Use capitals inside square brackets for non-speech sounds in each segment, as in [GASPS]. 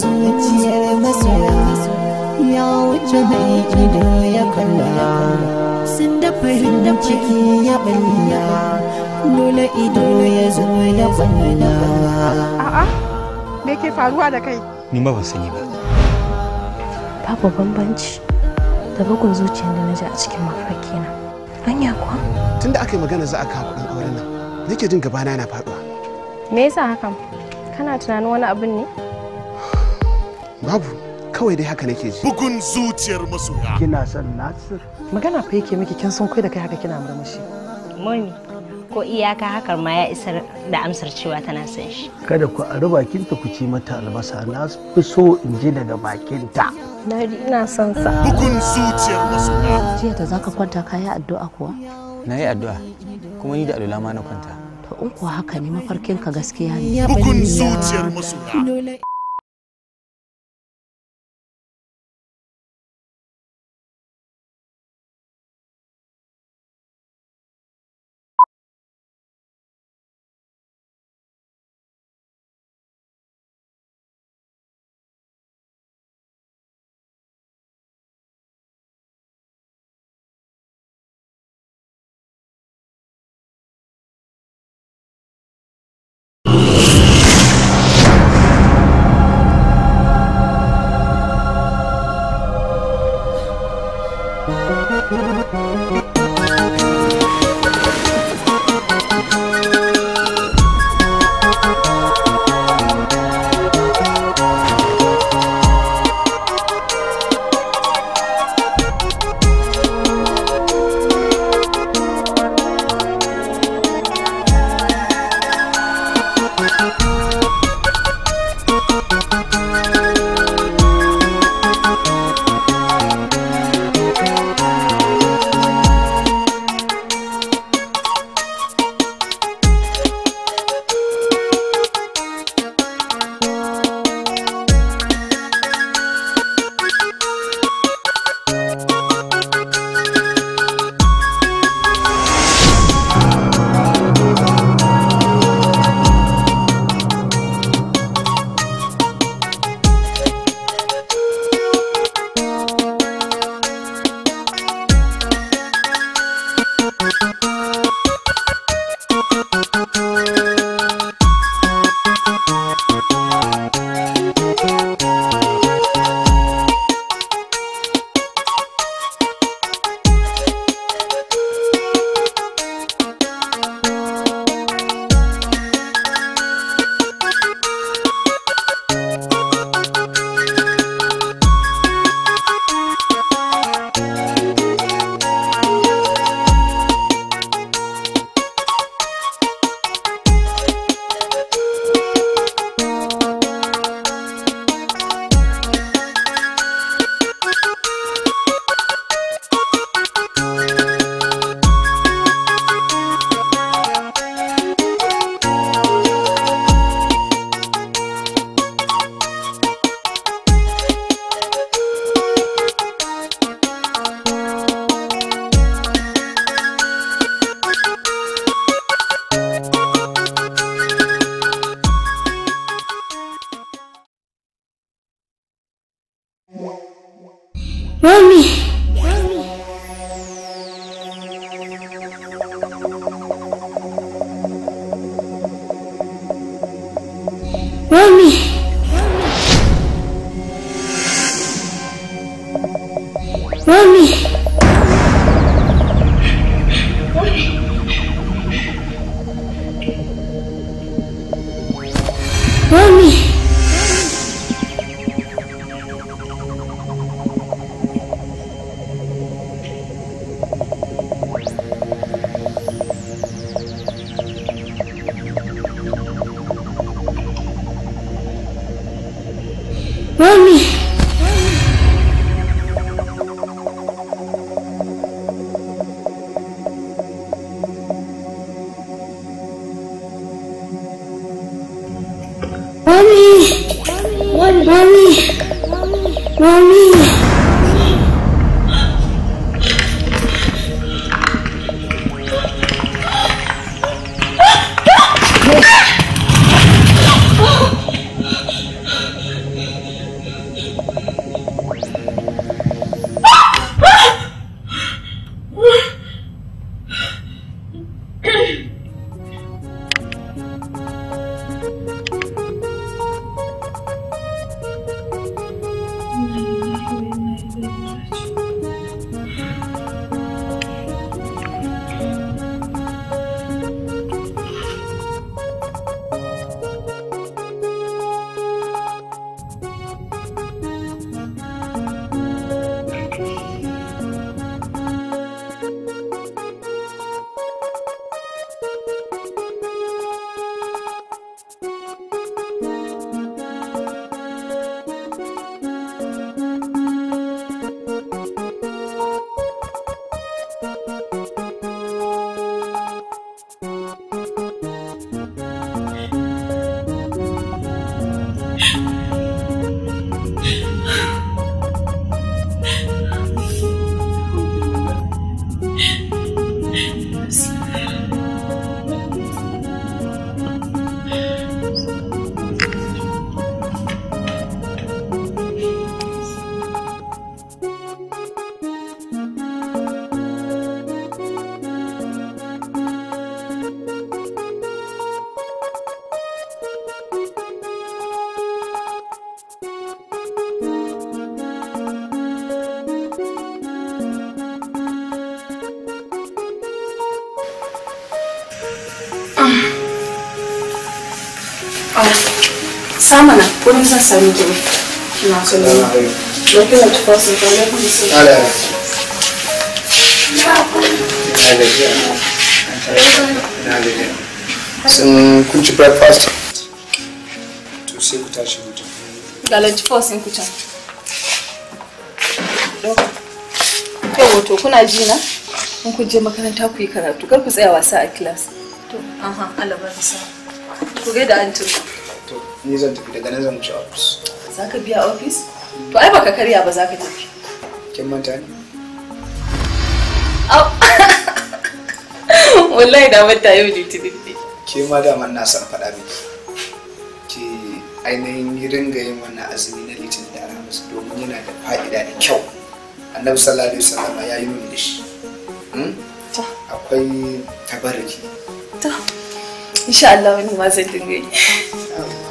zuciyar masoya ya wuce mai ido ya kalla sun da farin ciki ya balla dole ido ya zo ya balla a'a me ke faruwa da kai ni ma ban sani ba babu bambanci da bugun zuciyar da na ji a cikin mafarki na anya kuwa tunda aka yi magana za a kawo kuɗin auren nan nake jin gabana na faɗuwa me yasa hakan kana tunanin wani abin ne babu kawai dai haka nake ji bugun zuciyar masoya kina son nasir magana fa yake miki kin san kai da kai haka kina murmushi mun ko iyaka hakar ma ya isar da amsar cewa tana son shi kada ku a bakinta ku ci mata albasa na fi so in ji daga bakinta na ina son sa bugun zuciyar masoya jiya da zaka kwanta kayi addu'a kuwa na yi addu'a kuma ni da alula ma na kwanta to in kuwa haka ne ka gaskiya ne bugun zuciyar masoya samana ko ni zan sami ki kina so ne ba kina su ala sun kun ci breakfast to sai ku tashi mutum ga lanci fo sun ku can wato kuna ji na in je makaranta ku yi karatu kar ku tsaya wasa a class to aha ku ni zan tafi daga nan zan wuce ofis za ka biya ofis to ai baka karya ba za ka tafi kin manta ni [LAUGHS] wallahi da manta yau ne tudubbi ke ma da man na san faɗa miki ke ainihin ringa yin wannan azumi na litin da alhamis domin yana da fa'ida da kyau annabi sallallahu alaihi wasallam ya yi nuni da hmm? akwai tabariki to insha Allah wani ma zai dinga yi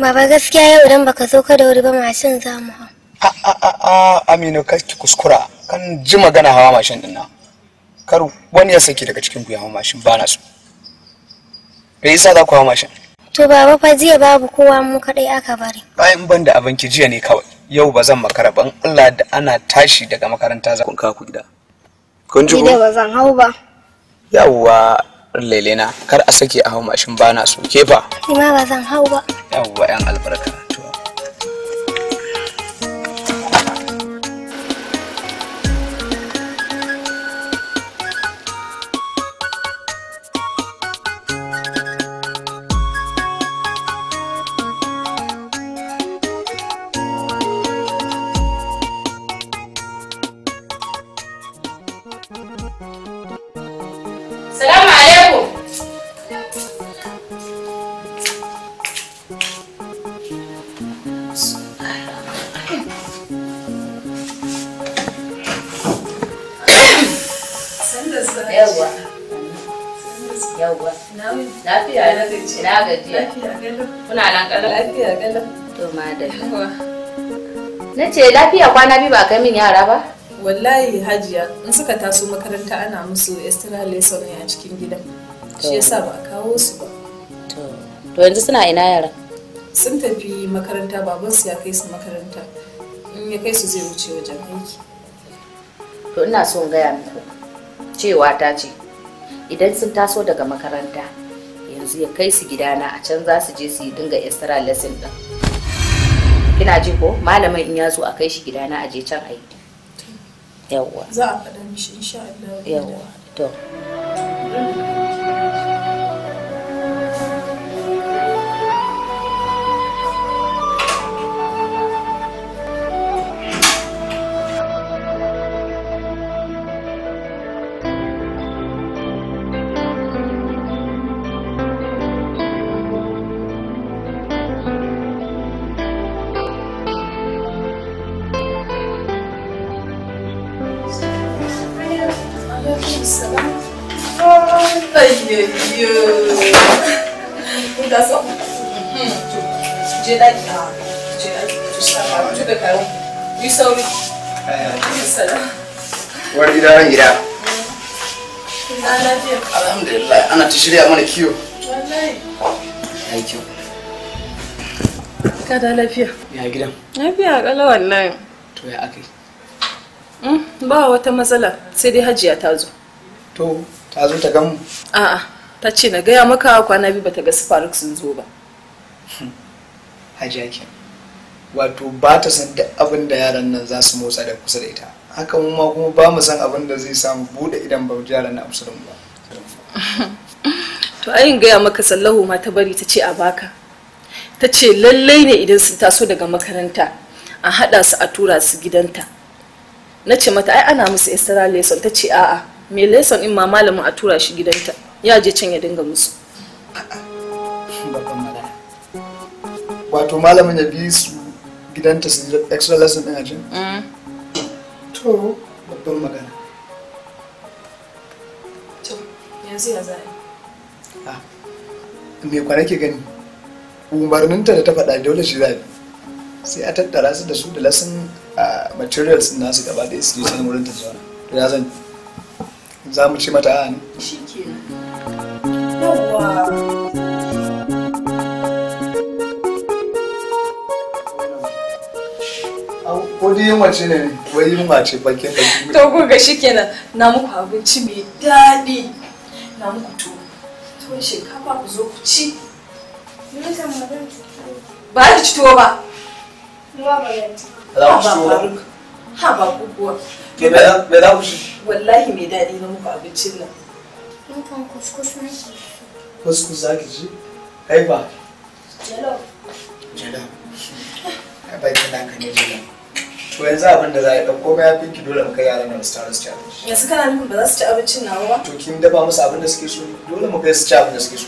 Baba gaskiya yau idan baka zo ka da wuri ba mashin za mu hau. A a a Aminu kar ki kuskura kan ji magana hawa mashin din nan. Kar wani ya saki daga cikin ku ya hawa mashin ba na so. Me yasa za ku hawa mashin? To baba fa jiya babu kowa mu kadai aka bari. Bayan ban da ki jiya ne kawai. Yau ba zan makara ban Allah da ana tashi daga makaranta za ku kawo ku gida. Kun ji ba zan hau ba. Yawwa lelena kar a sake a hau mashin bana so ke ba. ma ba zan hau ba. Yawwa 'yan albarka. Muna nan ƙalau. Lafiya ƙalau. To Na ce lafiya kwana biyu ba kai min yara ba? Wallahi hajiya in suka taso makaranta ana musu extra lesson a cikin gida. Shi yasa ba kawo su ba. To yanzu suna ina yara? Sun tafi makaranta su ya kai su makaranta. In ya kai su zai wuce wajen aiki. To ina son gaya muku cewa ta ce idan sun taso daga makaranta yanzu ya kai su gidana a can za su je su yi dinga extra lesson din kina ji ko malamin in ya zo a kai shi gidana a je can a yi yawwa za a faɗa mishi insha Allah yawwa to je daki da ana ta shirya mana kiyo wallahi lafiya ya lafiya kala wallahi to ya akai hmm, ba wata matsala sai dai hajiya ta zo ta zo ta gamu a'a ta ce na gaya maka kwana biyu bata ga su sun zo ba hmm. hijakin wato ba ta san duk abin da yaran nan za su motsa da kusa da ita haka mu ma kuma ba mu san abin da zai samu bude idan ba yaran na amsa ba to ayin gaya maka sallahu ma ta bari ta ce a baka ta ce lallai ne idan sun taso daga makaranta a haɗa su a tura su gidanta na ce mata ai ana musu extra lesson ta ce a'a me lesson in ma malamin a tura shi gidanta ya je can ya dinga musu wato malamin ya bi su gidanta su extra lesson din ajin mm. to babban magana to yanzu ya zai ah me kwana ke gani umarninta da ta faɗa dole shi zai. sai a tattara su da su da lesson ah, materials nasu gaba da su je sanin wurin ta zuwa to ya zan za mu ci mata a ne shi ke yawwa ko dai yunwa ce ne wai yunwa ce bakin baki to ku ga kenan na muku abinci mai daɗi na muku tuwo tuwon shinkafa ku zo ku ci ba ki ci tuwo ba ba ha ba ku kuwa me ku wallahi mai daɗi na muku abincin nan kuskus na Kuskus za ki ci? Kai ba? Ai ba ki ka ne to yanzu abin da za a ɗauko ma ya ki dole mu kai yaran nan su taru su ci abinci yanzu kana nufin ba za su ci abincin nawa ba to kin dafa musu abin da suke so dole mu kai su ci abin da suke so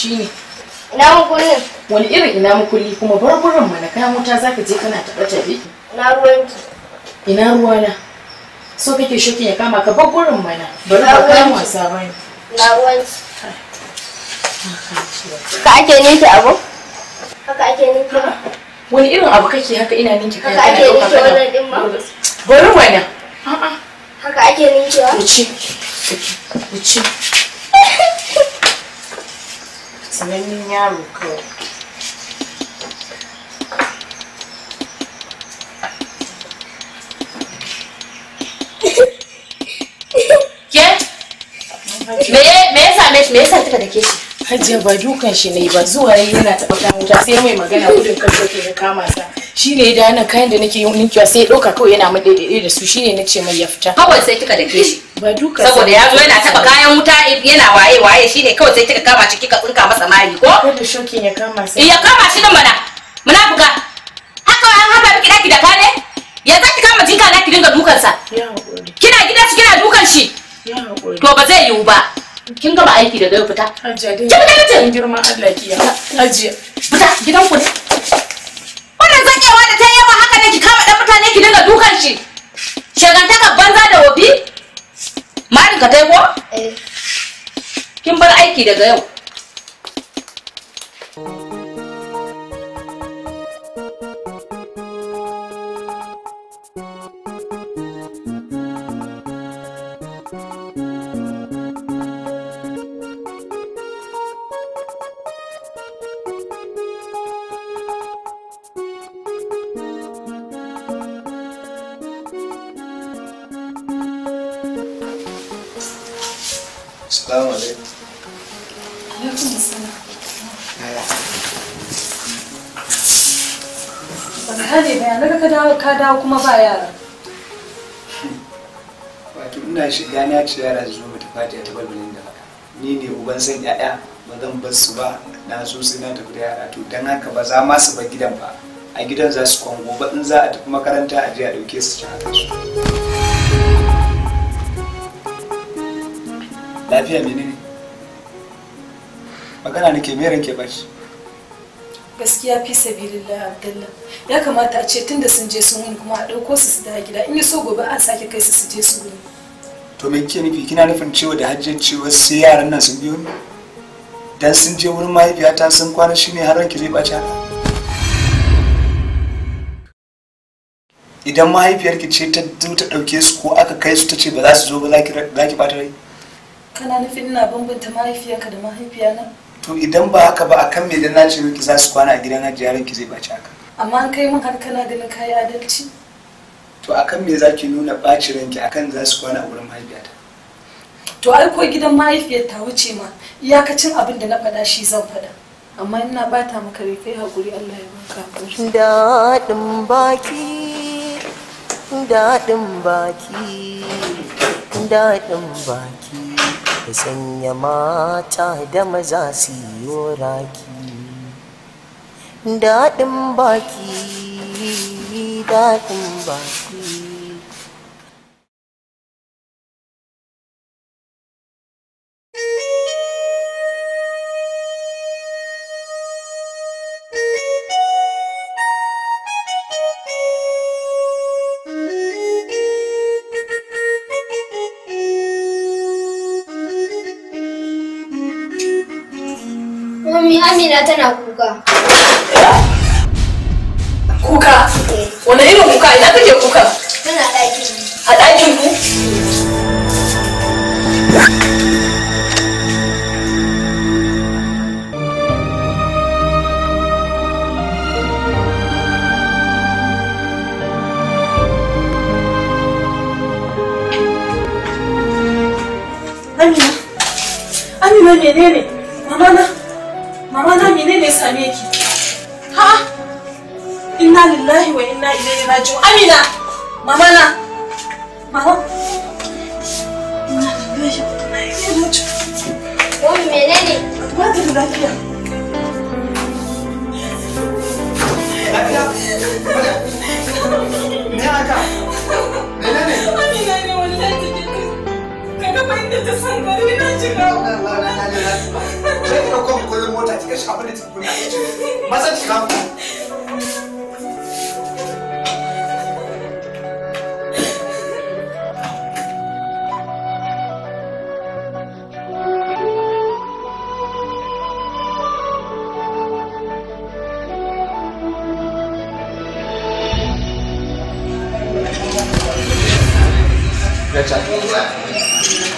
shine ina mukullin wani irin ina mukulli kuma barburan mana kayan wuta zaka je kana taɓa na ina ruwanki ina ruwana so kake shokin ya kama ka barburan mana bari ba kayan wasa bane ina ruwanki ka ake ninki abu haka ake ninki wani irin abu kake haka ina ninki kayan haka ake ninki wannan din ma bari mana a'a haka ake ninki wa wuce wuce [LAUGHS] sanannen yaro kawai me ya me yasa kika shi hajiya ba dukan shi ne ba zuwa yana taɓa kawo wuta sai mai magana kudin kan ke kama sa shine ya dana kayan da nake yin ninkiwa sai ɗauka dauka kawai yana min daidai da su shine nace mai ya fita kawai sai kika dake shi ba duka saboda ya zo yana taba kayan wuta yana waye waye shine kawai sai kika kama shi kika tsinka masa mari ko kada shokin ya kama sai ya kama shi nan mana munafuka haka an haba miki daki da kane ya za ki kama jinka na ki dinga dukan sa kina gida shi kina dukan shi to ba zai yiwu ba kin gama aiki da zai fita hajiya dai kin girma Allah kiya ya fita gidan ku ne wannan zakewa da ta yawa haka ne ki kama dan mutane ki dinga dukan shi shagantaka banza da wofi marin ka tai ko eh. kin bar aiki daga yau Assalamu alaikum. Alaikum assalam. Ba ka gane ba yana ka dawo kuma ba yara. Wato ina shiga a ce yara su zo mu tafi ta balbalin da haka. Ni ne uban san 'ya'ya ba zan bar su ba na so sai na tafi da yara to dan haka ba za ma su bar gidan ba. A gidan za su kwango ba in za a tafi makaranta a je a ɗauke su cikin haka su. lafiya menene magana nake mai ranke bashi gaskiya fi sabilillah abdullah ya kamata a ce tunda sun je sun wuni kuma a ɗauko su su dawo gida in ya so gobe a sake kai su su je su wuni to me kike nufi kina nufin cewa da hajjin cewa sai yaran nan sun biyo dan sun je wurin mahaifiyata sun kwana shine har ranki zai bace idan mahaifiyarki ce ta zo ta ɗauke su ko aka kai su ta ce ba za su zo ba za ki ɓata rai kana nufin ina bambanta mahaifiyarka da mahaifiyana to idan ba haka ba akan me dan nace miki za su kwana a gidan hajji ki zai baci haka amma an kai min har kana ganin kai adalci to akan me zaki nuna ɓaci ranki akan za su kwana a wurin mahaifiyata to ai ko gidan mahaifiyar ta wuce ma iyakacin abin da na faɗa shi zan faɗa amma ina ta maka rai haƙuri, Allah ya baka daɗin baki daɗin baki daɗin baki da sanya mata da maza su yi raki daɗin baki daɗin baki domin Amina tana kuka. Kuka? Wane irin kuka? Ina take kuka? Tana ɗakin. A ɗakin ku? Amina, Amina menene? na amina mama na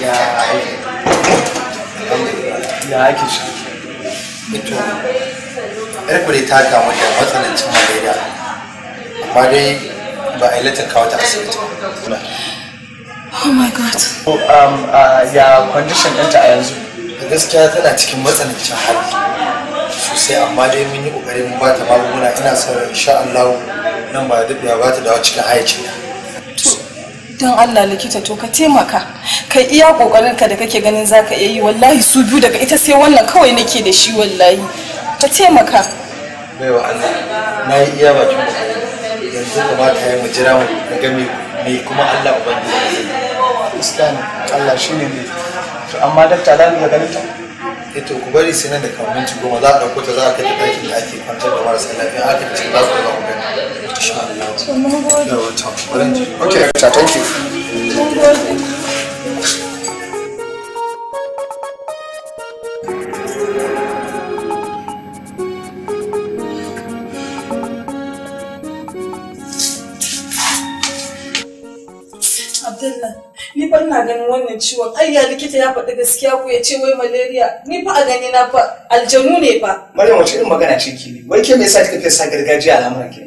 ya ya ake shi ito yarku dai ta kamu da matsanancin malaria amma dai ba a ilatin kawo ta asibiti oh my god um, uh, ya condition ɗinta a yanzu gaskiya tana cikin matsanancin hali sosai amma dai mun yi ƙoƙarin ba ta magunguna ina son insha Allah nan ba da ba ta dawo cikin hayacinta don Allah likita to ka taimaka ka iya kokarin ka da kake ganin zaka iya yi wallahi su biyu daga ita sai wannan kawai nake da shi wallahi ka taimaka baiwa Allah na yi iya bakin yanzu kamata ya mu jira mu ga me kuma Allah ubangiji islam Allah shine ne to amma dakta za ga ganin ta to ku bari sai nan da kamar minti goma za a ɗauko ta za a kai ta ɗakin da ake kwantar da marasa lafiya aka ce za ku zama gani insha Allah. Okay, thank you. ina ganin wannan ciwon ayya likita ya faɗi gaskiya ku ya ce wai malaria ni fa a gani na fa aljanu ne fa maryam wace irin magana ce ke ne wai ke me yasa kika fi sa gargajiya al'amuran ki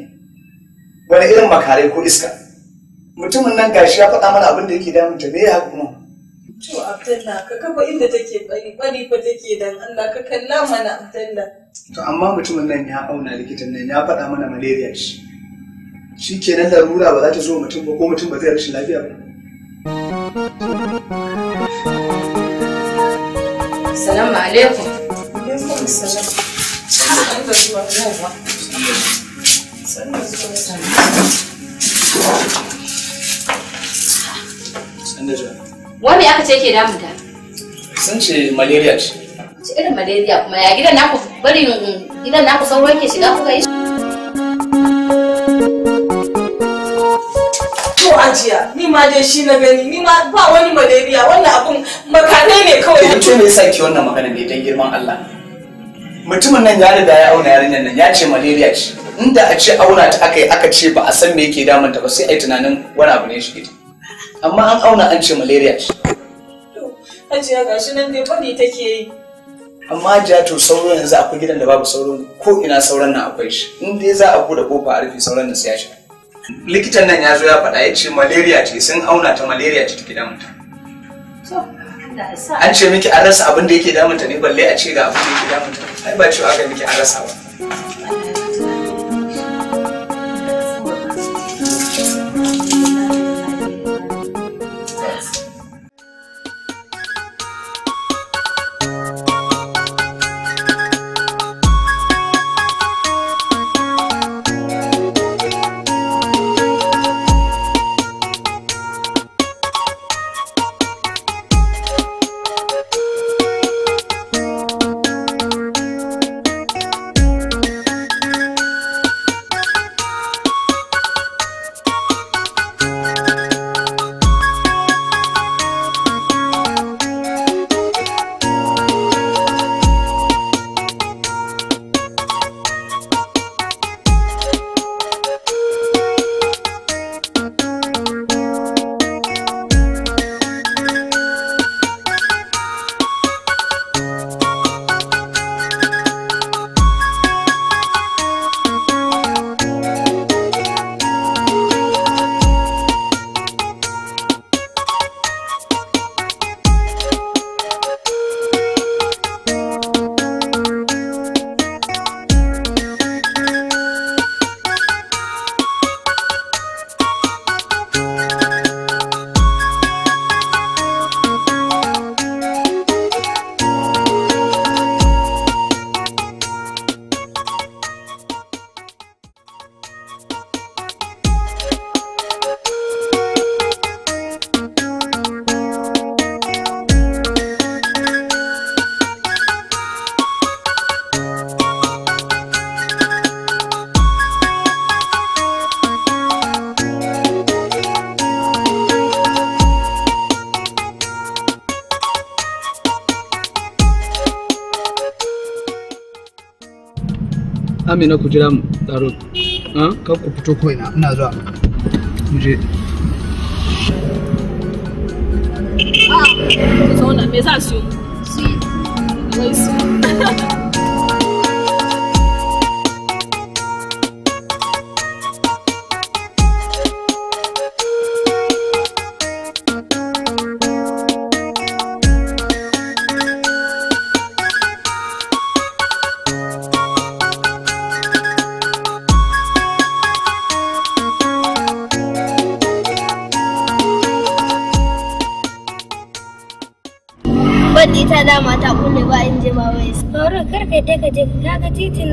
wani irin makarai ko iska mutumin nan gashi ya faɗa mana abin da yake damun ta me ya kuma to abdalla ka kafa inda take bari bari fa take dan Allah ka kalla mana abdalla to amma mutumin nan ya auna likitan nan ya faɗa mana malaria shi kenan larura ba za ta zo mutum ba ko mutum ba zai rashin lafiya ba Salamu alaikum. Wani aka ce ke ce malaria ce. irin malaria kuma ya gidan naku bari gidan naku sauro ke shiga kuka yi? ajiya ni ma dai shi na gani ni ma ba wani malaria wannan abun makanai ne kawai mutum ne saki wannan magana ne dan girman Allah mutumin nan ya riga ya auna yarinyar nan ya ce malaria ce inda a ce auna ta aka yi aka ce ba a san me yake damunta ba sai a yi tunanin wani abu ne shi amma an auna an ce malaria ce Hajiya ga shi nan dai fadi take yi. Amma Hajiya to sauro yanzu akwai gidan da babu sauro ko ina sauran nan akwai shi. In dai za a bude kofa a rufe sauran nan sai ya shiga. likitan nan ya zo ya faɗa ya ce malaria ce sun auna ta malaria ce take damunta an ce miki an rasa abin da yake damun ta ne balle a ce ga abin da yake ta. ai ba cewa aka miki an rasa ba amina ku jira mu tsaro kan ku fito ko ina ina zuwa mu je Ah, na me za su yi su 这个这个那个这个。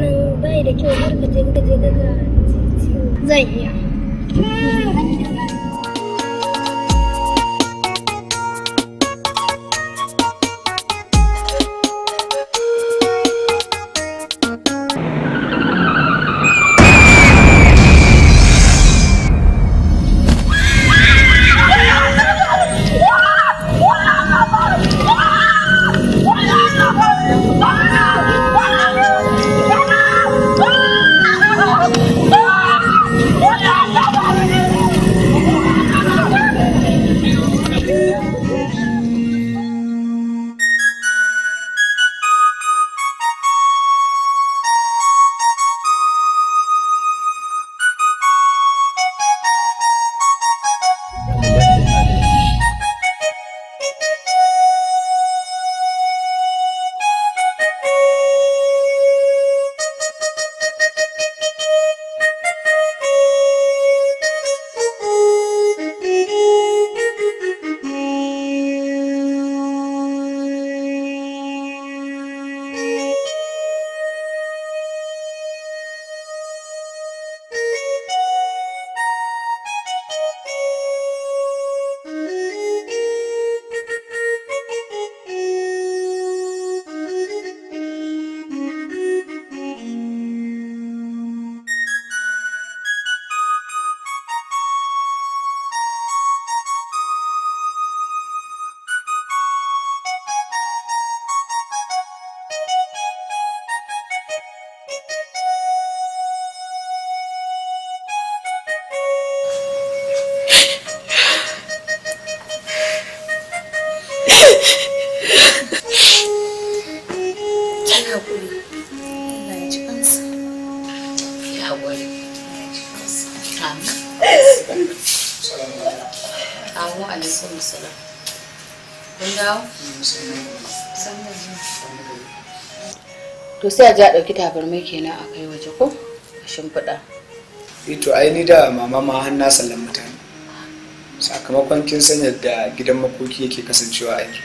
sai a ji a ɗauki tabarmai kenan a kai waje ko a shimfiɗa. Ito eh ai ni da mama ma har na sallan mutane. Sakamakon kin san yadda gidan makoki yake kasancewa a yanzu.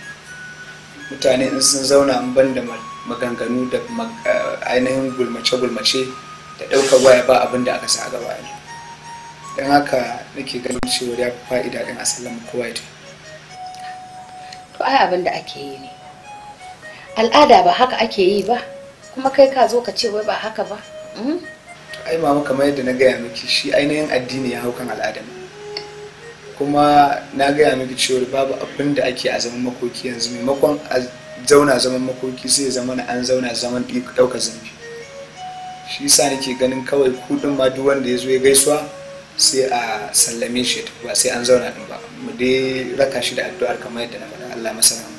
Mutane in sun zauna an ban da maganganu da eh, ainihin gulmace-gulmace da ɗaukar waya ba abin da aka sa a gaba yanzu. Don haka nake ganin cewa ya fi fa'ida ɗin a sallan kowa ya To ai abin da ake yi ne. Al'ada ba haka ake yi ba. kuma kai ka zo ka ce wai ba haka ba hmm? ai mama kamar yadda na gaya miki shi ainihin addini ya hau kan al'adam kuma na gaya miki cewa babu abin da ake a zaman makoki yanzu maimakon a zauna zaman makoki sai zama na an zauna zaman ɗaukar zambi shi sa nake ganin kawai kudin ma duk wanda ya zo ya gaisuwa sai a sallame shi ba sai an zauna ɗin ba mu dai raka shi da addu'ar kamar yadda na faɗa Allah masana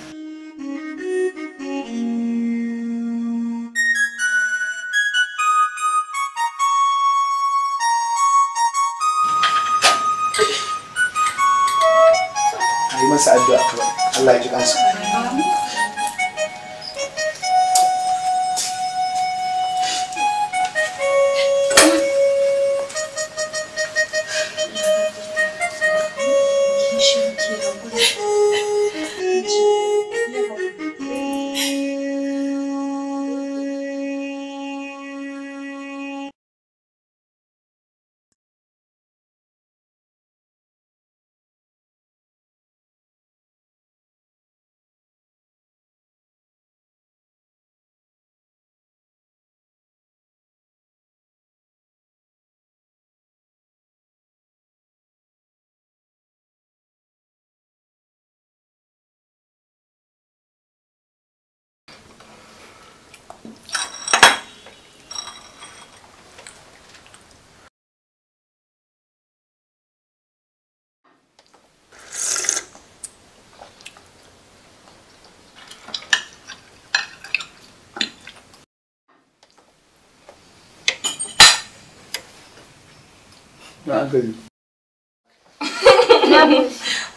na aka yi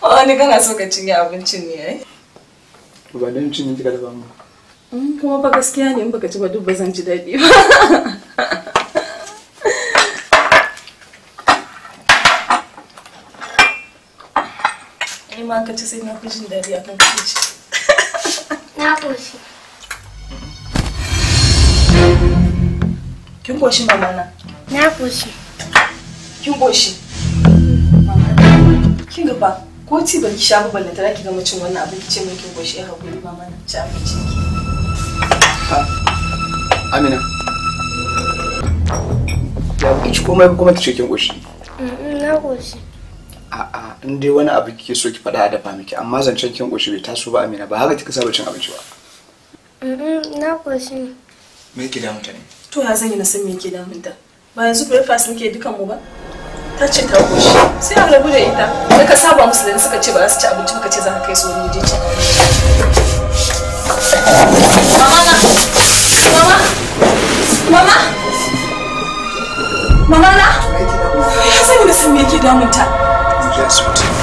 wani kana so ka cinye abincin ne ai ba dan cinye kika dafa mu mm, kuma ba gaskiya ne in baka ci ba duk ba zan ji daɗi ba [LAUGHS] ni ma ka ci sai na fi jin daɗi akan kuɗi ci na ƙoshi kin ƙoshi mama na na ƙoshi kin goshi kin ga fa ko ci ba ki sha ba tara ki gama cin wannan abin ki ce mai kin goshi ya hakuri ba mana ci abinci ki Amina ya ki ci komai kuma ki ce kin goshi na goshi a'a in dai wani abu kike so ki faɗa a dafa miki amma zancen kin goshi bai taso ba Amina ba haka kika saba cin abinci ba na goshi me yake damunta ne to ya zan yi na san me ke damunta ba yanzu breakfast nake dukan mu ba ta ce ta goshi sai a rabu da ita da ka saba musu da suka ce ba za su ci abinci muka ce za ka kai su wani mama na mama mama mama na da sun me damunta ya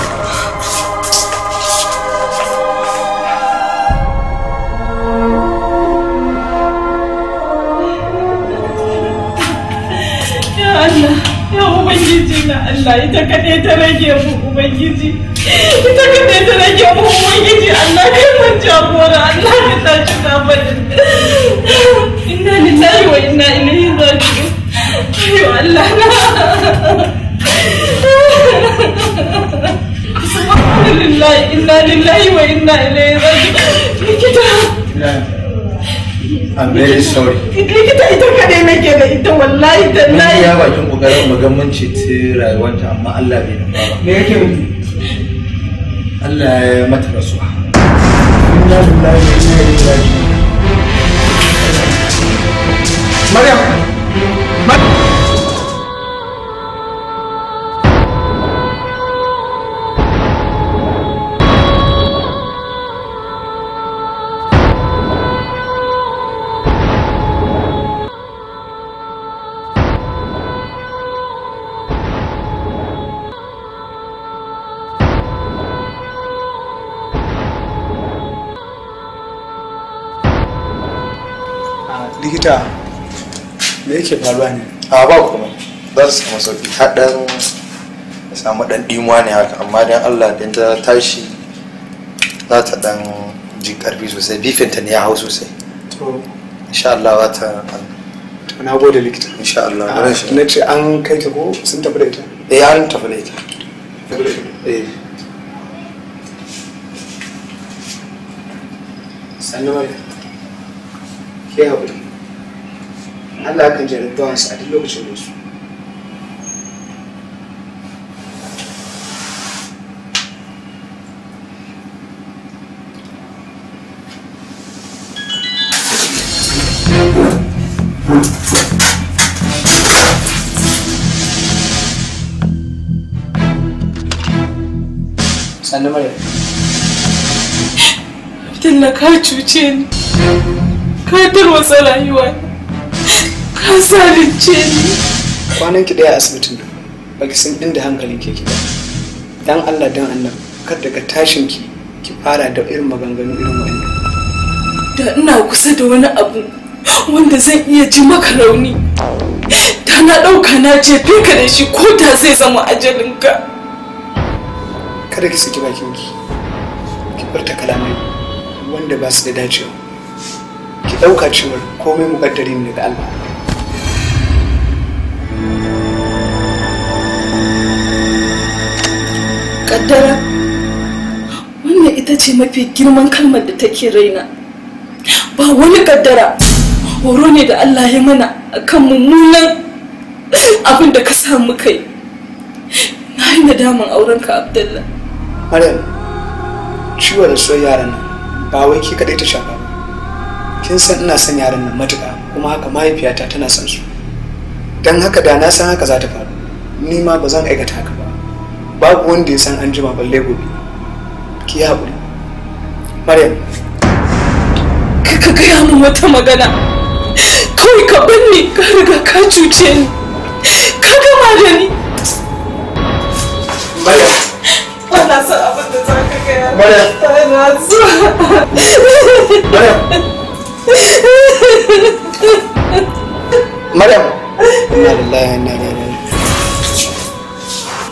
Allah Allah ita kaɗai ta rage mu ubangiji ita kaɗai ta rage mu ubangiji Allah kai mun jagora Allah ka tashi na bari inna lillahi wa inna ilaihi raji'un ayo Allah na inna lillahi wa inna ilaihi raji'un likita I'm very sorry. Likita ita kadai nake da ita wallahi tallahi. Mun ya bakin kokarin mu ga rayuwarta amma Allah bai nufa ba. Me yake miki? Allah ya mata rasuwa. Inna lillahi wa inna ilaihi raji'un. Maryam faruwa ba kuma za su samu sauki ɗan ɗimuwa ne haka amma dan allah din ta tashi za ta ɗan ji sosai bifinta ne ya hau sosai to ta na gode likita ah, na ce an kai ta ko sun tafi da ita eh an tafi da ita eh. Allah kan jarabta wasu a duk lokacin da su Sannu Maryam. Talla ka cuce ni. Ka tarwatsa rayuwa. ka ce ne. kwanan ki daya asibitin nan baki san inda hankalin ke ba dan Allah dan Allah kar daga tashin ki ki fara da irin maganganu irin wani. da ina kusa da wani abu wanda zan iya ji maka rauni da na ɗauka na jefe ka da shi ko da zai zama ka. kada ki saki bakinki ki furta kalamai wanda ba su da dacewa ki ɗauka cewar komai muƙaddari ne daga Allah kaddara wannan ita ce mafi girman kalmar da take raina ba wani kaddara horo ne da allah ya mana akan mummunan abin da ka samu kai na yi nadaman aurenka abdullah maryam ciwon son yaran nan ba wai ke kadai ta shafa ba kin san ina son yaran nan matuƙa kuma haka mahaifiyata tana son su don haka da na san haka za ta faru ni ma ba zan aikata haka ba babu wanda ya san an jima balle gobe ki haƙuri maryam ka gaya mu wata magana kawai ka banni ka riga ka cuce ni ka gama da ni maryam bana abin da za ka gaya mariam mariam so maryam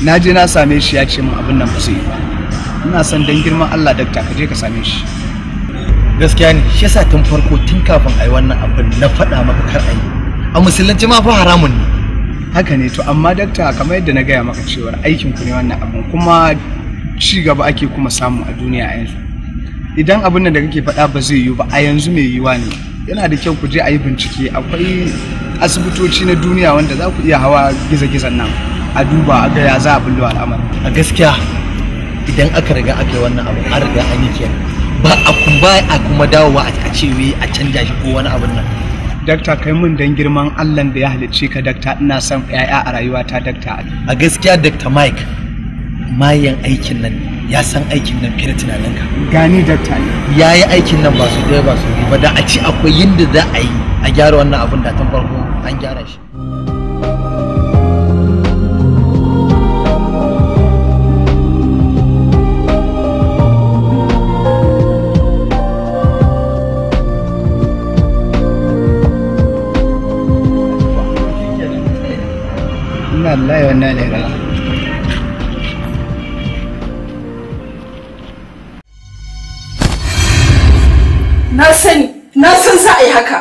na je na same shi ya ce min abin nan ba su yi ina son dan girman Allah dakta ka je ka same shi gaskiya ne shi yasa tun farko tun kafin a wannan abin na faɗa maka kar a yi a musulunci ma fa haramun ne haka ne to amma dakta kamar yadda na gaya maka cewa aikin ku ne wannan abin kuma ci gaba ake kuma samu a duniya a yanzu idan abin da kake faɗa ba zai yiwu ba a yanzu mai yiwa ne yana da kyau ku je a yi bincike akwai asibitoci na duniya wanda za ku iya hawa gizo-gizon nan a duba a ga ya za a bullo al'amari a gaskiya idan aka riga aka yi wannan abu an riga an yi kenan ba a kuma a kuma dawowa a ce a canja shi ko wani abun nan dakta kai mun dan girman Allah da ya halicce ka dakta ina son yaya a rayuwata dakta a gaskiya dakta Mike mayan aikin nan ya san aikin nan fiye da tunaninka gani dakta ya yi aikin nan ba su ɗaya ba su ba da a ci akwai yadda za a yi a gyara wannan abun da tun farko an gyara shi inna lillahi na sani na san za a yi haka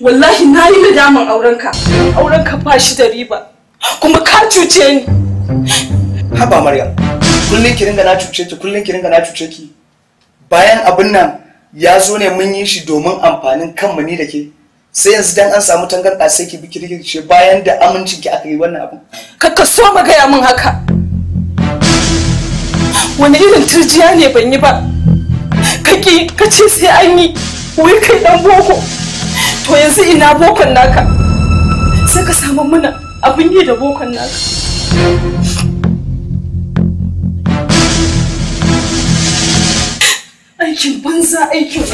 wallahi na yi nadaman aurenka aurenka ba shi da riba kuma ka cuce ni haba maryam kullum ki ringa na cuce ki kullum ki ringa na cuce ki bayan abin nan ya zo ne mun yi shi domin amfanin kanmu ni da ke sai yanzu dan an samu tangarɗa sai ki biki bayan da amincin ki aka yi wannan abu ka so ma gaya min haka wani irin turjiya ne ban yi ba kake kace sai an yi wai kai dan boko to yanzu ina bokon naka sai ka samu mana abin yi da bokon naka aikin banza aikin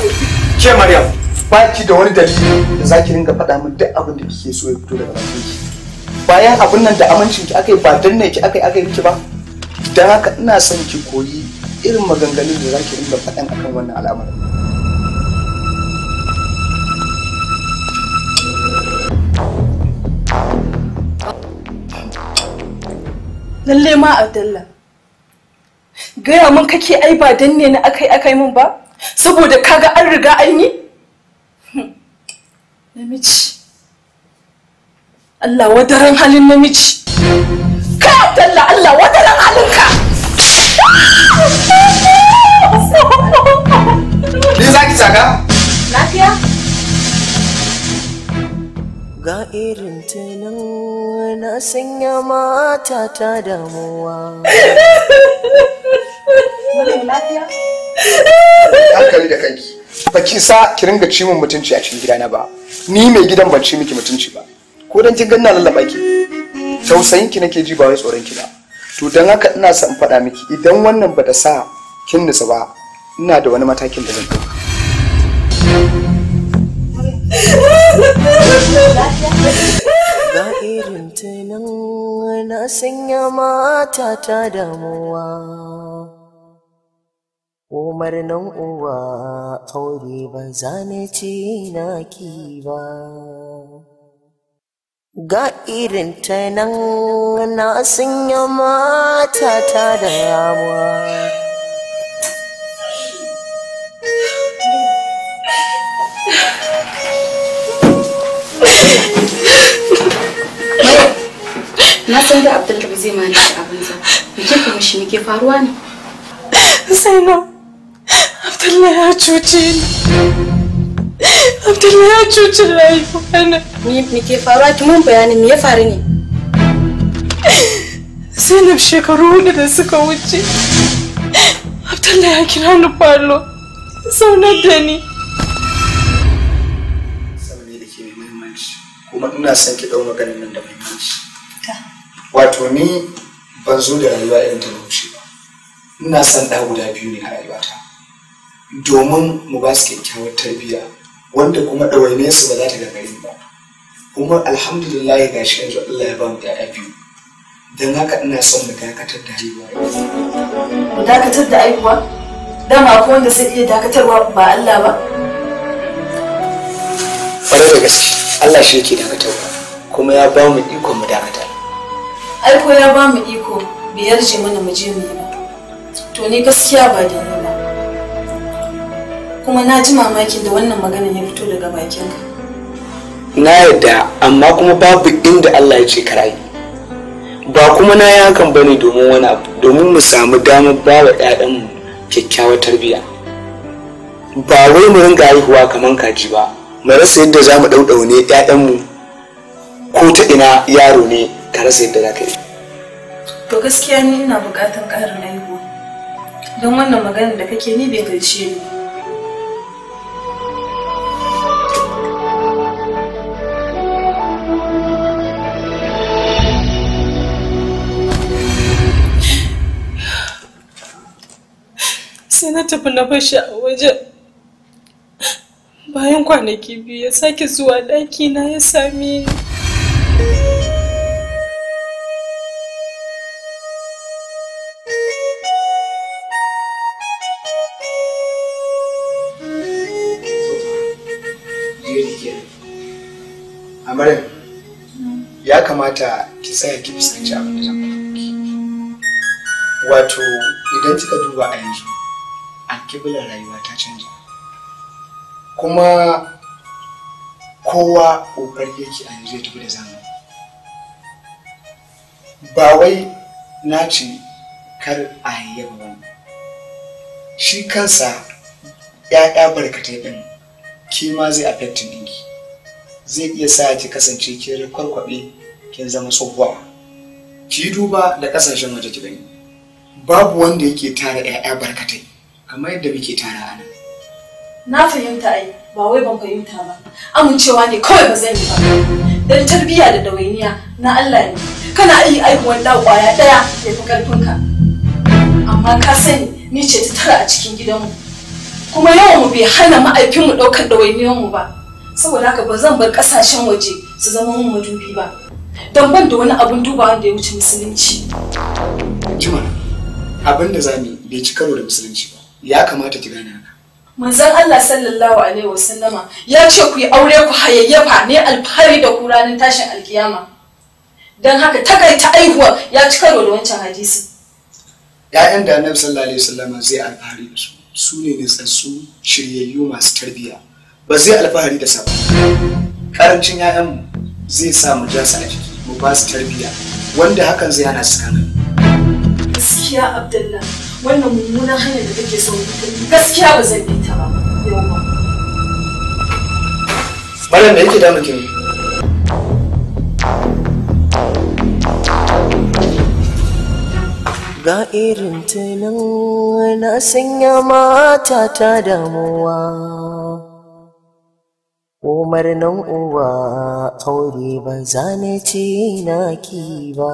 ke maryam baki da wani dalili da za ki ringa faɗa min duk abin da kike so ya fito daga bakin ki bayan abin nan da amincin ki akai ba danne ki akai akai ki ba dan haka ina son ki koyi irin maganganun da za ki ringa faɗan akan wannan al'amarin lalle ma abdalla gaya mun kake ai ba danne na akai akai mun ba saboda kaga an riga an yi namiji Allah wadaran halin namiji ka talla Allah wadaran ka? Ni za ki saka? Lafiya? Ga irin tunan na sanya mata ta damuwa. Lafiya? Hankali da kanki. ba ki sa ki ringa ci min mutunci a cikin gidana ba ni mai gidan ban ci miki mutunci ba ko dan kin ganna lalla baki tausayin ki nake ji ba wai tsoron ki ba to dan haka ina son faɗa miki idan wannan bata sa kin nutsu ba ina da wani matakin da zan ɗauka ga na sanya mata ta damuwa umarnin uwa aure ba zane ce na ki ba ga irin ta nan na sanya mata ta da yawa na san da abdul zai mana abin zai me kuma shi me ke faruwa ne sai na Abdullah ya cuci ni. Abdullah ya cuce rayuwana. Ni me ke faruwa ki mun bayanin me ya faru ne? Zainab shekaru hudu da suka wuce. Abdullah ya kira ni falo. Zaunar da ni. Saboda da ke mai muhimmanci kuma ina son ki dau maganin nan da muhimmanci. Wato ni ban zo da rayuwa irin ta wuce ba. Ina son ɗa guda biyu ne a rayuwata. domin mu ba su kyakkyawar tarbiyya wanda kuma ɗawaine su ba za ta gagari ba kuma alhamdulillah ga shi yanzu Allah ya ba mu ƴaƴa biyu don haka ina son mu dakatar da haihuwa mu dakatar da haihuwa dama ko wanda sai iya dakatarwa ba Allah ba Fara da gaske Allah shi yake dakatarwa kuma ya ba mu ikon mu dakatar ai ko ya ba mu iko biyar je mana mu je mu yi to ni gaskiya ba da ni kuma na ji mamakin da wannan magana ya fito daga bakinka na yadda amma kuma babu inda Allah ya ce karayi ba kuma na yi hakan ba ne domin wani abu domin mu samu damar ba wa 'ya'yanmu kyakkyawar tarbiyya ba wai mu ringa haihuwa kamar kaji ba mu rasa yadda za mu ɗauɗaune 'ya'yanmu ko ta ina yaro ne ka rasa yadda za ka yi to gaskiya ni ina buƙatar ƙarin haihuwa don wannan maganar da kake ni bai gaishe ni tafi na fashi a wajen bayan kwanaki biyu ya sake zuwa ɗakina ya same ni ya kamata ki tsaya ki fuskanci abin da zan Wato idan kika duba a yanzu Kibilar rayuwa ta canja kuma kowa ƙoƙari yake a yanzu ya tafi da zama. ba wai na ce kar a yaba ba shi kansa ‘ya'ya barkatai ɗin ke ma zai affecting dinki zai iya sa ki kasance ke kwarkwaɓe kin zama tsohuwa ki duba da ƙasashen waje ki babu wanda yake tara ‘ya'ya barkatai kamar yadda muke tara nan. Na fahimta ai, ba wai ban fahimta ba. Amincewa ne kawai ba zan yi ba. Dan tarbiyya da dawainiya na Allah ne. Kana yi aihuwar da kwaya daya ya fi ƙarfinka. Amma ka sani ni ce ta tara a cikin gidanmu. Kuma yawan mu bai hana ma'aikinmu ɗaukar mu ba. Saboda haka ba zan bar ƙasashen waje su zama mun madubi ba. Dan ban da wani abun dubawa wanda ya wuce musulunci. Kima, abin da za mu yi bai ci karo da musulunci ya kamata ki gane haka manzon Allah sallallahu alaihi wasallama ya ce ku yi aure ku hayayyafa ne alfahari da ku ranar tashin alkiyama don haka takaita aihuwa ya ci karo da wancan hadisi ya'yan da annabi sallallahu alaihi wasallama zai alfahari da su su ne nutsatsu shiryayyu masu tarbiyya ba zai alfahari da sabon karancin ya'yanmu zai sa mu ja su a jiki mu ba su tarbiyya wanda hakan zai hana su kanan gaskiya abdullahi wannan mummunan hanyar da kake son gaskiya ba zan bi ta ba malam me yake damu kin ga irin tunan na sanya mata ta damuwa umarnin uwa aure ba zane ce na ki ba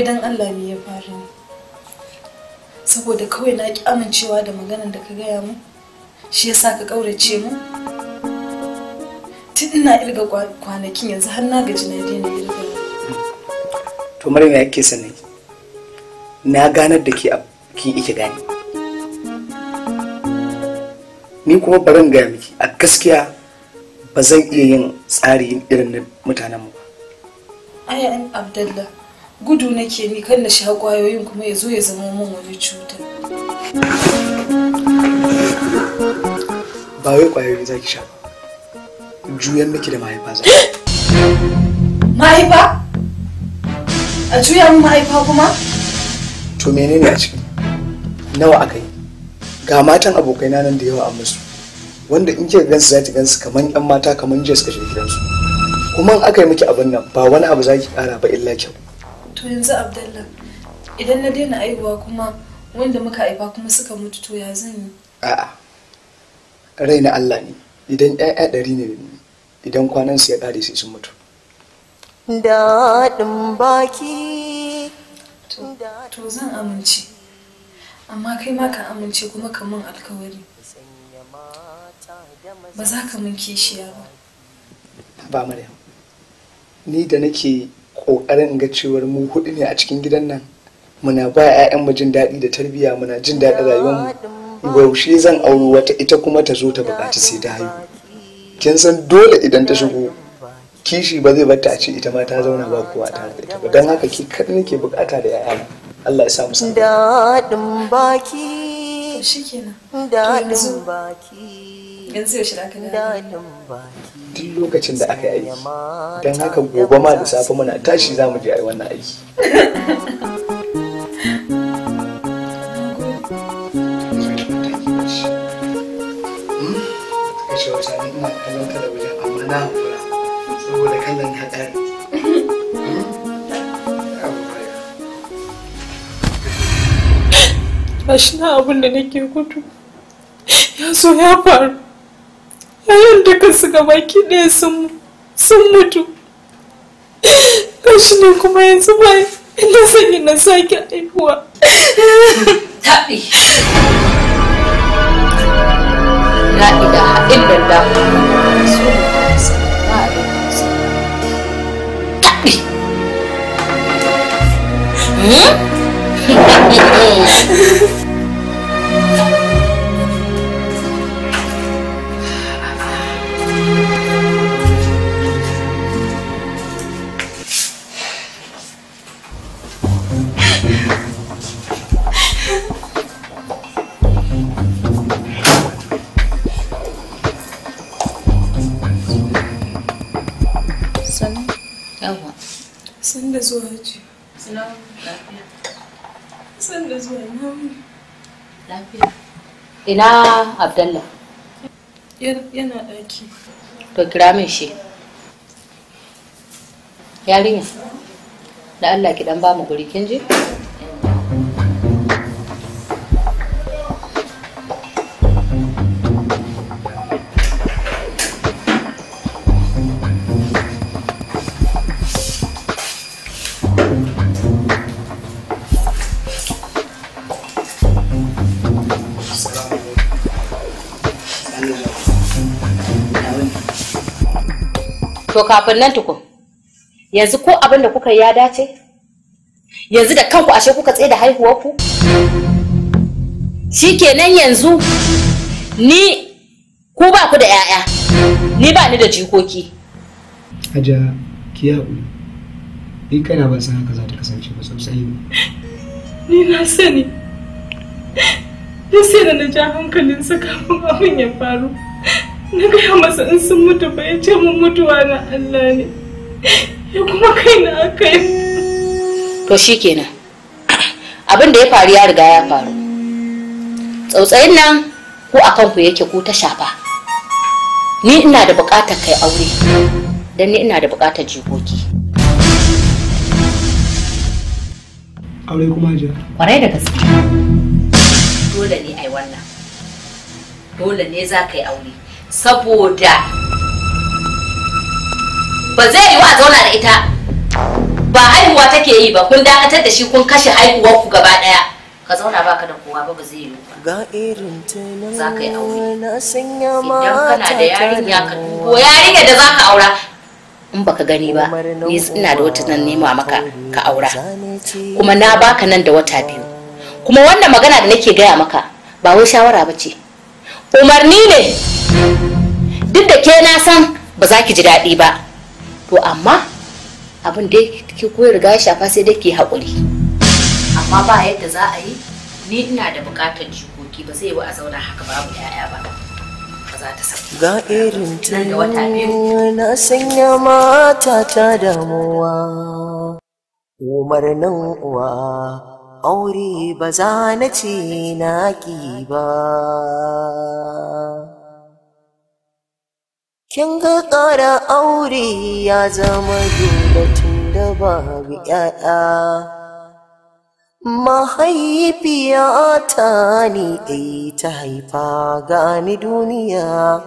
wai dan Allah ne ya fara ni saboda kawai na ki amincewa da maganar da ka gaya mu shi yasa ka kaurace mu tun ina irga kwanakin yanzu har na gaji na daina irga to maryam ya ke sanin na ganar da ke kin ike gani ni kuma barin gaya miki a gaskiya ba zan iya yin tsari irin mutanen mu ba. Ayan abdullahi gudu nake ni kan na sha kwayoyin kuma ya zo ya zama mun wani cuta ba wai za zaki sha juyan miki da mahaifa za [GASPS] mahaifa a juya min mahaifa kuma to menene a ciki nawa aka yi ga matan abokaina nan da yawa a musu wanda in kika gansu za ta gansu kaman yan mata kaman jiya suka shiga gidansu kuma in aka yi miki abin nan ba wani abu za ki kara ba illa kyau to yanzu abdallah idan na daina aihuwa kuma wanda muka aiwa kuma suka mutu to ya zan yi a'a raina allah ne idan ɗaya ɗari ne idan kwanan su ya ƙare sai sun mutu daɗin baki to zan amince amma kai ma ka amince kuma ka alkawari ba za ka mun kishiya ba ba maryam ni da nake in ga cewar mu hudu ne a cikin gidan nan muna ba 'ya'yan mu jin daɗi da tarbiyya muna jin daɗin rayuwar mu yaushe zan auro wata ita kuma ta zo ta buƙaci sai ta haihu kin san dole idan ta shigo kishi ba zai bata a ce ita ma ta zauna ba kowa ta ita ba don haka ki kaɗai nake bukata da 'ya'ya Allah ya sa mu samu daɗin baki kenan daɗin baki yanzu yaushe da aka dawo duk lokacin da aka yi aiki don haka gobe ma da safe muna tashi za mu je a yi wannan aiki saboda kallon ka ƙare gashi na abin da nake gudu ya so ya faru yaran da kansu gabaki ɗaya sun mutu kashi ne kuma yanzu ba ina sanya na sake haihuwa taɓi na ida haɗin da da taɓi Hmm? [LAUGHS] ina abdallah yana ɗaki to kira min shi yarinya da allah ki dan ba mu guri kin je to kafin nan tukun yanzu ko abin da kuka ya dace yanzu da kanku ashe kuka tsaye da haihuwarku shikenan yanzu ni ku ba ku da 'ya'ya ni ba ni da jikoki aja ki haƙuri ni kana ban san haka za ta kasance ba sosai ni na sani ni sai da na ja hankalinsa kafin abin ya faru na gaya masa in sun mutu ba ya ce mun mutuwa na Allah ne ya kuma kai na aka yi to shikenan abin da ya faru ya riga ya faru tsautsayin nan ku akan ku yake ku ta shafa ni ina da bukatar kai aure dan ni ina da bukatar jikoki aure kuma jiya kwarai da gaske dole ne ai wannan dole ne za ka yi aure saboda ba zai yi a zauna da ita ba haihuwa take yi ba kun dakatar da shi kun kashe haihuwar ku gaba daya ka zauna baka da kowa ba ba zai yiwu ga irin tunan za ka yi aure idan kana da yarinya ka ko yarinya da zaka aura in baka gani ba ni ina da wata nan nema maka ka aura kuma na baka nan da wata biyu kuma wannan magana da nake gaya maka ba wai shawara ba ce umarni ne duk da ke na san ba za ki ji daɗi ba to amma abin da ke koyar riga shafa sai da ke haƙuri amma ba yadda za a yi ni ina da buƙatar jikoki ba zai yi a zauna haka babu 'ya'ya ba ga irin tunanin na sanya mata ta damuwa umarnin uwa aure ba za na ce na ba kin ga ƙara aure ya zama dole tun da babu ƴaƴa mahaifiyata ne ɗai ta haifa gani duniya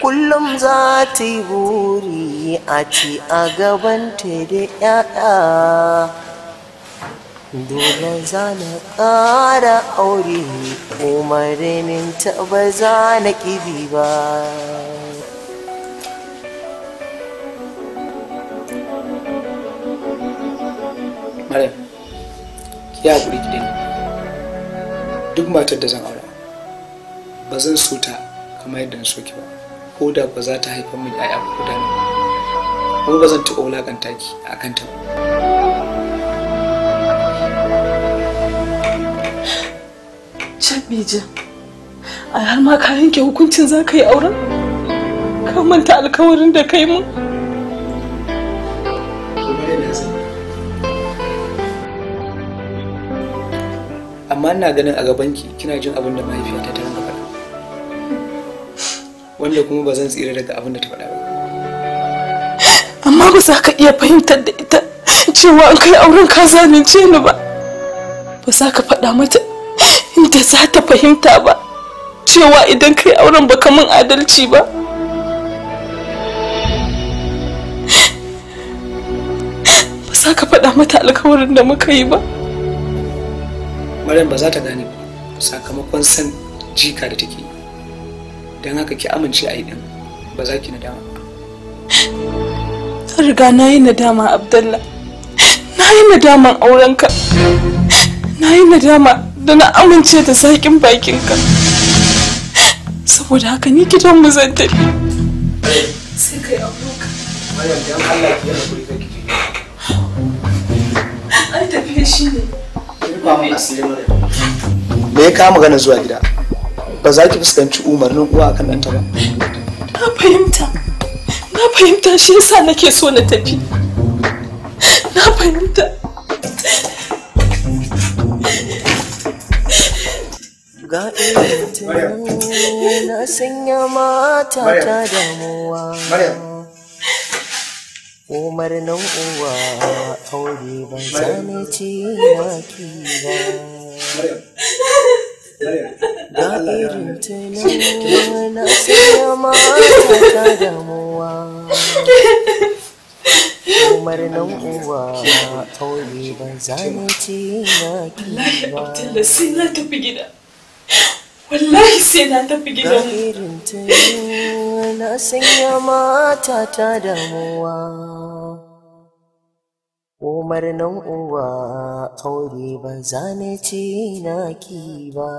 kullum za ta yi buri a ci a gabanta da 'ya'ya Dole zana ƙara aure umarnin ta ba zana ƙibi ba. Maryam, ki haƙuri ki ne Duk matar da zan aura, ba zan so ta kamar yadda na so ki ba, ko da ba za ta haifar min 'ya'ya ko da ba. Ko ba zan taɓa wulaƙanta ki a kanta ba. Shabija, a har ma ka yanke hukuncin za ka yi auren? Ka manta alkawarin da ka yi mun? Amma ina ganin a gabanki kina jin abin da mahaifiyata ta rinka faɗa. Wanda kuma ba zan tsira daga abin da ta faɗa ba. Amma ba za ka iya fahimtar da ita cewa an kai auren ka zalunce ni ba. Ba za ka faɗa mata inda za ta fahimta ba cewa idan kai auren baka min adalci ba ba za ka faɗa mata alkawarin da muka yi ba maryam ba za ta gane ba sakamakon san jika da take don haka ki amince a yi ba za ki nadama ba riga na yi nadama abdallah na yi nadaman aurenka na yi nadama da na amince da zaƙin bakinka saboda haka ni gidan mu zan tafi sai kai abuka ai tafiye shi ne me ya kama magana zuwa gida ba za ki fuskanci umarnin uwa kan ɗanta ba na fahimta na fahimta shi yasa nake so na tafi na fahimta ga na sanya mata ta damuwa umar nan uwa aure ban sani ci maki ba ga irin na sanya mata ta damuwa umar nan uwa aure ban sani ci maki ba wallahi sai na tafi gidan na sanya mata ta damuwa umar nan uwa aure ba zane ce na ki ba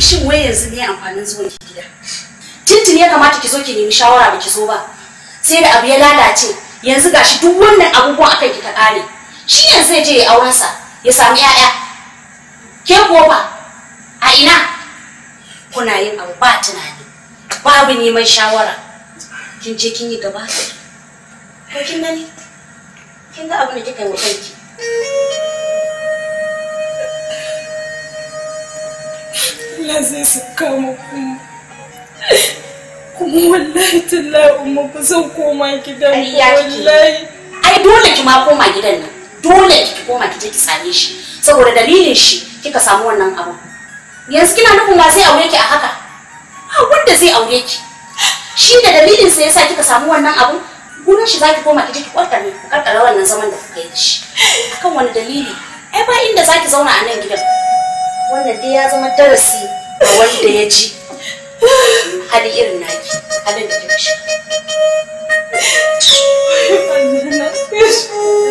shin wai yanzu ne amfanin zuwa ki gida tuntun ya kamata ki zo ki nemi shawara ba ki zo ba sai da abu ya lalace yanzu gashi duk wannan abubuwan aka ki ta kare shi yanzu zai je ya aurensa ya samu ƴaƴa ke kofa a ina kuna yin abu ba tunani babu neman shawara kin je kin yi gaba ko kin gani kin ga abin da kika yi wa kanki Allah zai saka mu kuma kuma wallahi tallahi umma ba zan koma gidan ku wallahi ai dole ki ma koma gidan nan dole ki koma ki je ki same shi saboda dalilin shi kika samu wannan abu yanzu kina nufin ma sai aure ki a haka a wanda zai aure ki shi da dalilin sa yasa kika samu wannan abu gurin shi zaki koma ki je ki ne ku karkare wannan zaman da kuka yi da shi akan wani dalili ai ba inda zaki zauna a nan gidan wannan dai ya zama darasi ga wanda ya ji hali irin naki halin da kika shiga [LAUGHS]